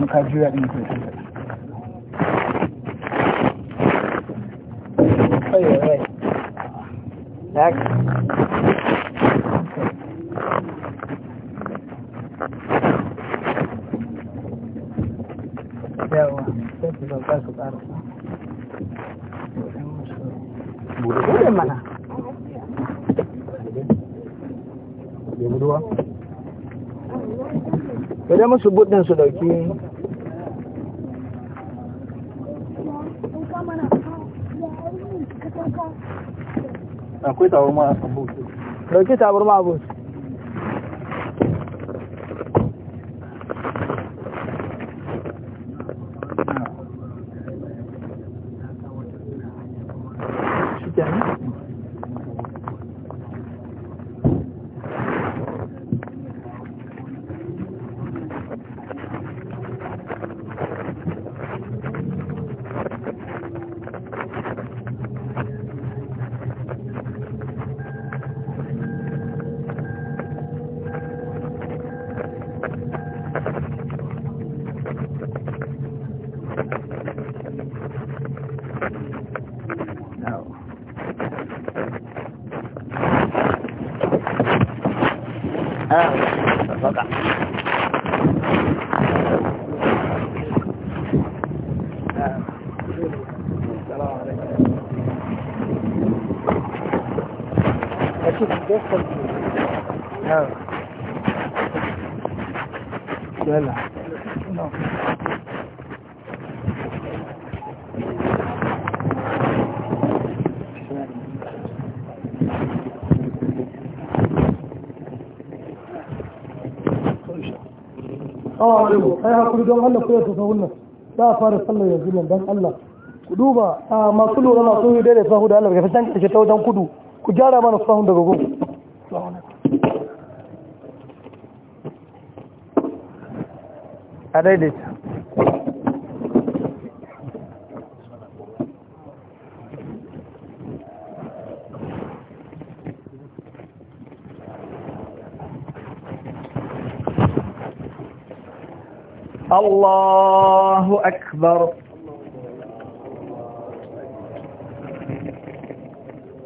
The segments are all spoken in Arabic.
mkajua nini Mana? Dia berdua. idan musu budin sudah dauki aku tahu mah sebut, dauki tabarma a bos. shi تتدخل نعم يلا نعم awa alaikum ai hakuri don Allah ku yasa sahun nan za a fara sallar yanzu nan don Allah ku duba a masu lura masu yi daidai sahu da Allah ga fitan ƙarshe ta wajen kudu كجارة ما نصفهم دقوا الله عليك عليك الله أكبر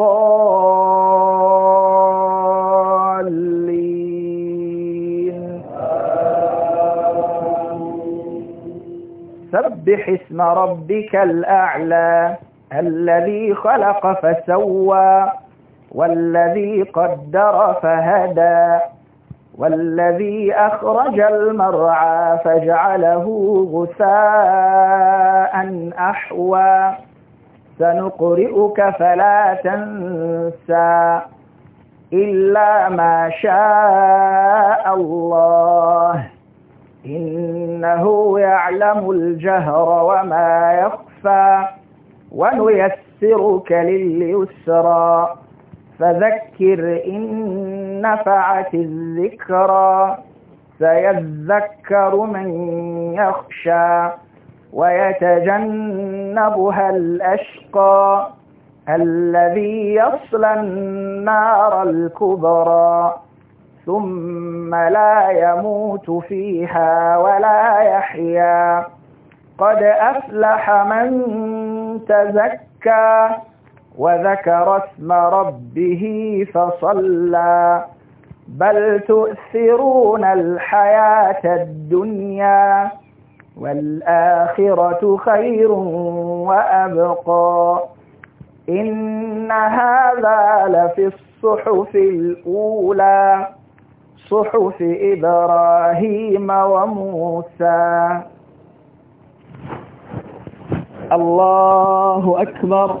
الضالين سبح اسم ربك الأعلى الذي خلق فسوى والذي قدر فهدى والذي أخرج المرعى فجعله غثاء أحوى سنقرئك فلا تنسى إلا ما شاء الله إنه يعلم الجهر وما يخفى ونيسرك لليسرى فذكر إن نفعت الذكرى سيذكر من يخشى ويتجنبها الأشقى الذي يصلى النار الكبرى ثم لا يموت فيها ولا يحيا قد أفلح من تزكى وذكر اسم ربه فصلى بل تؤثرون الحياة الدنيا والآخرة خير وأبقى إن هذا لفي الصحف الأولى صحف إبراهيم وموسى الله أكبر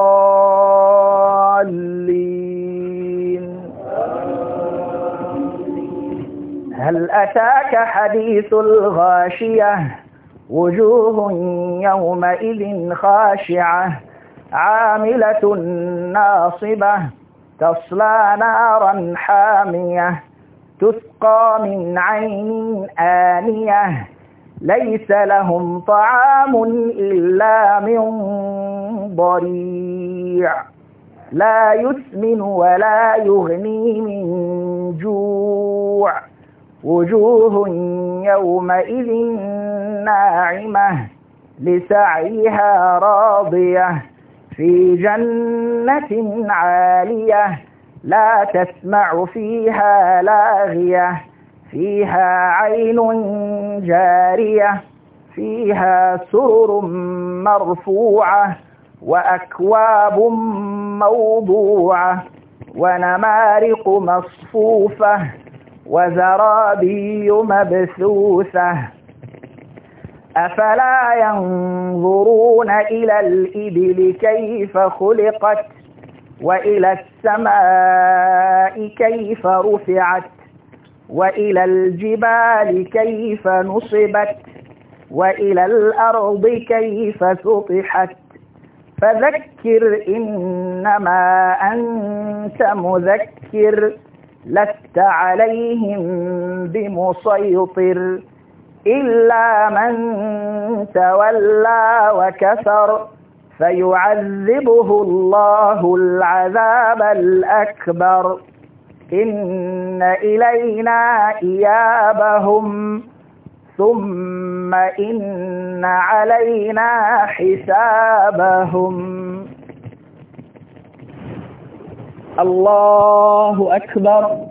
المصلين هل أتاك حديث الغاشية وجوه يومئذ خاشعة عاملة ناصبة تصلى نارا حامية تسقى من عين آنية ليس لهم طعام إلا من ضريع لا يسمن ولا يغني من جوع وجوه يومئذ ناعمة لسعيها راضية في جنة عالية لا تسمع فيها لاغية فيها عين جارية فيها سرر مرفوعة وأكواب موضوعة ونمارق مصفوفة وزرابي مبثوثة أفلا ينظرون إلى الإبل كيف خلقت وإلى السماء كيف رفعت وإلى الجبال كيف نصبت وإلى الأرض كيف سطحت فذكر إنما أنت مذكر لست عليهم بمسيطر إلا من تولى وكفر فيعذبه الله العذاب الأكبر إن إلينا إيابهم ثم إن علينا حسابهم الله أكبر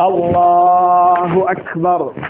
الله أكبر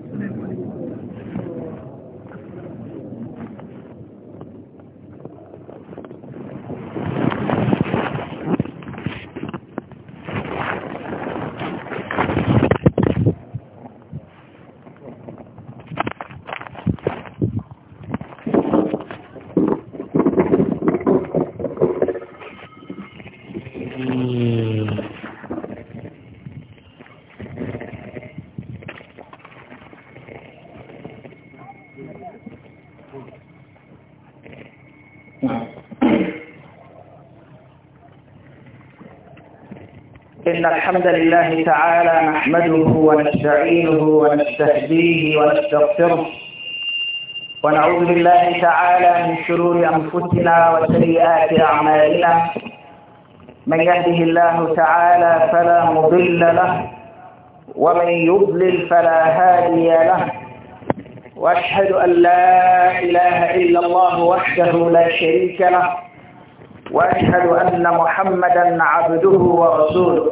إن الحمد لله تعالى نحمده ونستعينه ونستهديه ونستغفره ونعوذ بالله تعالى من شرور أنفسنا وسيئات أعمالنا من يهده الله تعالى فلا مضل له ومن يضلل فلا هادي له واشهد ان لا اله الا الله وحده لا شريك له واشهد ان محمدا عبده ورسوله